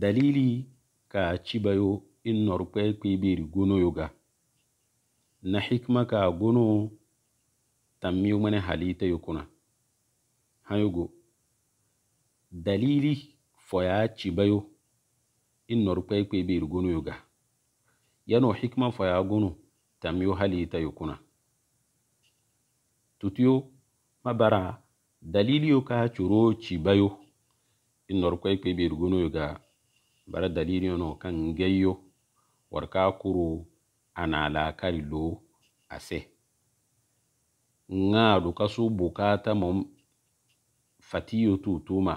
dalili ka cibayo innor kpekpebiri gono yoga na hikma ka gono tammiyo mana halita kuna. hayogo dalili foya cibayo innor kpekpebiri gono yoga yano hikma foya gono tammiyo halita kuna tutiyo mabara dalili yo ka coro cibayo innor kpekpebiri gono yoga bara dalili no kan gayyo warka kuro ana lakari lo ase nga kasu bukata mom fatiyo tutuma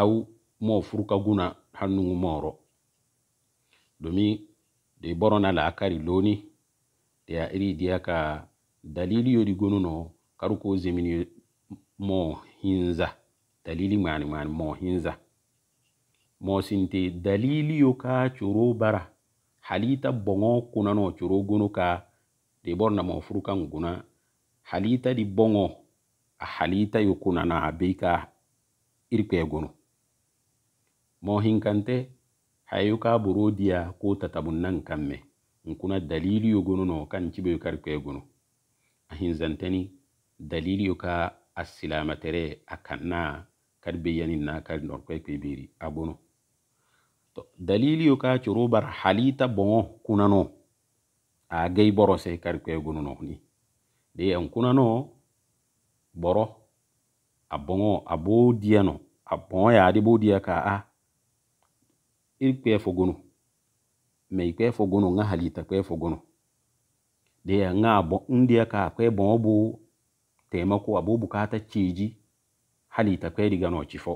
au mo furka guna hannu moro domin da boro na la'akari loni da ya iri diya ka dalili yori gono no karuko zemini mo hinza dalili mani mani mo hinza mosinti daliliyo ka curo bara halita bongo kunano curo gunu ka di borna mo furukan guna halita di bongo a halita yo kunana abe ka irkwe gunu mo hinkante hayo ka buro diya ko tatabun nan kamme nkuna daliliyo gunu no kan cibe yo karkwe gunu a hinzanteni daliliyo ka asilamatere akanna kadi be yanin na kadi norkwe kwe biri a gunu dalili yo ka coro bara halita bongo kunano a gei boro se kar kwe gununo ni de an kunano boro a bongo a bo diano a bongo ya di bo dia ka a ir kwe fo gunu me kwe fo gunu nga halita kwe fo gunu de ya nga bo ndia ka kwe bongo bu tema ko abu bukata ciji halita kwe diga no chifo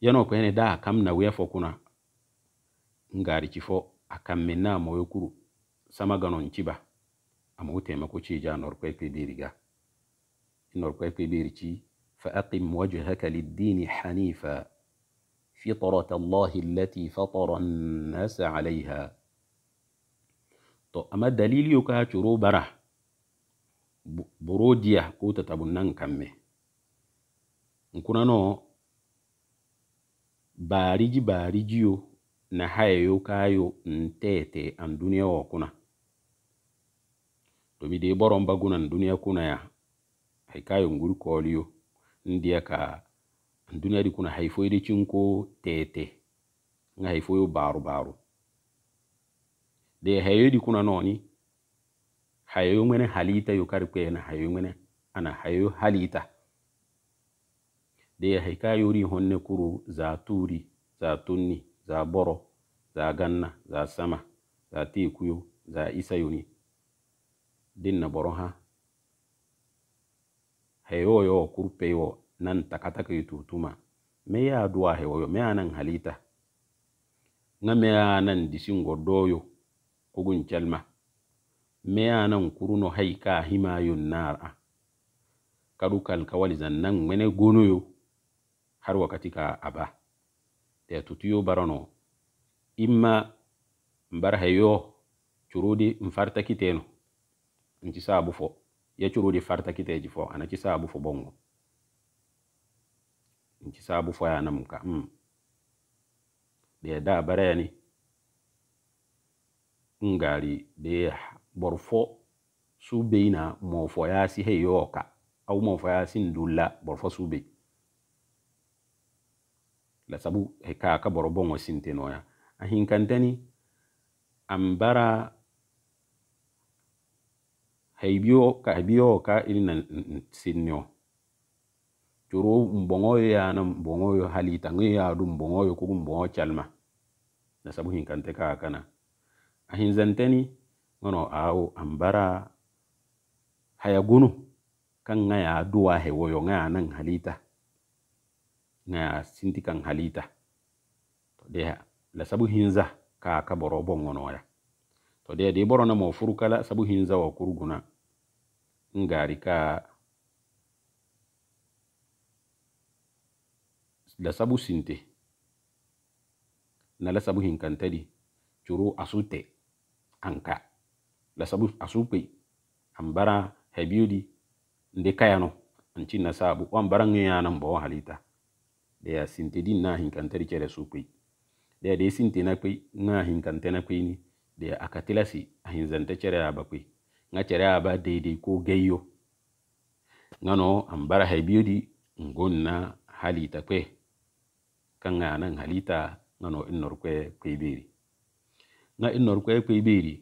yana okuyene da akam na wefo kuna ngari chifo akamme naama wekuru samagano nkiba amawuteemako kiija norkwekpibiriga norkwekpibiriki فأقم وجهك للدين حنيفا فطرة الله التي فطر الناس عليها to amma dalili yo ka curo bara borodiya ko tatabunan kamme nkunano baariji baarijiyo na hayayo kayo ntete an duniya wo kuna domi de boron bagunan duniya kuna ya hay kayo ngur koliyo ndiya ka an duniya di kuna hayfoyde cinko tete nga hayfoyo baaru baaru de hayayo di kuna nooni hayayo ŋmene halita yo kari kpena hayayo ana hayayo halita haika haikayori honne kuru za turi za tunni za boro za ganna za sama za tekuyo za isa din na boro ha heyoyo kurpeyo nan takataka tutuma me ya duwa heyoyo me anan halita na me anan disingo doyo kugun chalma me anan kuruno haika himayun nara kadukal kawali zannan mene gonoyo har wakkati ka a ba te tutuyo barano imma mbar hayo curudi mfarta kiteno nci sabu fo ya curudi farta kiteji fo ana ci sabu fo bongo nci sabu fo ya nam ka hmm. de da barani ngari de bor fo su beina mo fo ya si heyo ka au mo fo ya si ndulla bor fo su beina la sabu ka ka boro wa sinte noya a hinkantani an ambara haybio ka haybiyo ka na sinyo coro mbongo ya na mbongo yo halita ngi ya du mbongo yo kugu mbongo chalma la sabu hin hinkante ka kana ahin zanteni ngono awo ambara bara haya gunu kan ngaya duwa hewoyo ngaya nan halita na sinti kan halita to de la sabu hinza ka ka boro bongono ya to de de boro na mo furukala sabu hinza wa kuruguna ngari ka la sabu sinte na la sabu kantadi churu asute anka la sabu asupe ambara hebiyudi ndekayano kayano na sabu wan bara ŋeyanan halita ya sinte din na hinkantari cere su kwai da ya dai sinte na kwai na hinkante na kwai ni da ya aka tilasi a hinzanta cere a bakwai nga cere a ba daidai ko gayyo nano an bara haibiyo di ngon na halita kwai kan ga nan halita nano in norkwe kwai beri na in norkwe kwai beri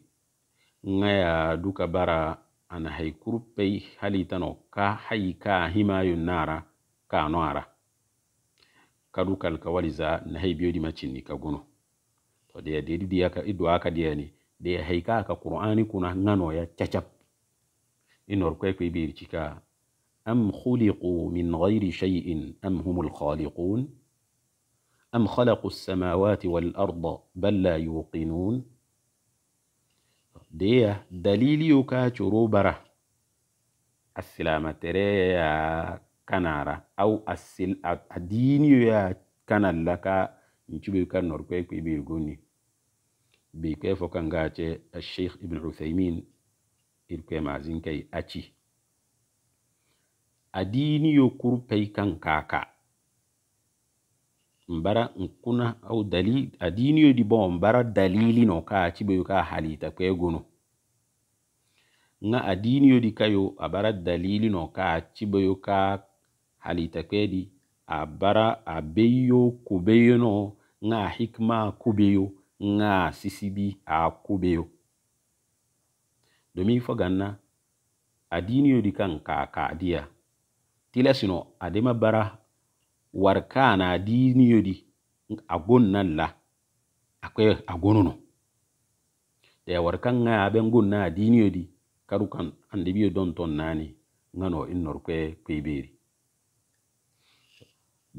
nga ya duka bara ana haikurpai halita no ka haika hima yun nara ka no ara kaduka kal kawaliza na hai biyo di machinni kaguno. to dea de dea aka idu aka dea ni, dea haika ka aka qur'ani kuna ngano ya chachap inor kwe kwe bir chika am khuliku min ghairi shay'in am humul khaliqun am khalaku samawati wal arda bal la yuqinun dea dalili yuka churubara السلامة ya kanara au asil adini ya kanalla ka nchibe ka norkwe kwe bi goni bi ke fo kan Sheikh Ibn Uthaymin ilkwe mazin kai aci adini yo kurpai kan kaka mbara nkuna au dalil adini yo di bon mbara dalili no ka acibe yuka halita kwe gono nga adini yo di kayo abara dalili no ka acibe yuka halita kedi a bara a beyo kubeyono nga hikma kubeyo nga sisibi a kubeyo domi fo ganna a diniyodi kan ka kadiya tilasino adema bara warkana a diniyodi a gonnan la akwe a gonuno daya warkan nga aben gonna a diniyodi karu kan andebiyo don ton nani ngano innorkwe kwiberi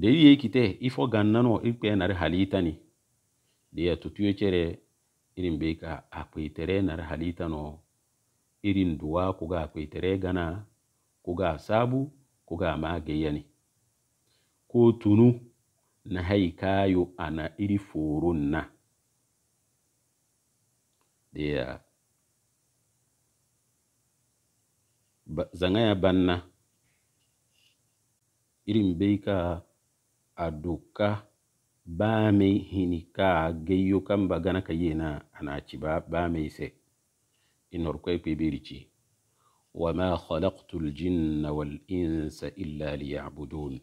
yake ta ifo gannano ikpe da ya tutu ya cere irin be ka akpeitere halita no irin duwa ga akpeitere gana ga sabu kuga ni ko tunu na haikayo ana iri forun na deya zanga ya banna irin bai ka a doka ba mai hini ka gayyo kan ba ka yi na ana ci ba ba mai sai inor kwai pebirici wa ma khalaqtul jinna wal insa illa liya'budun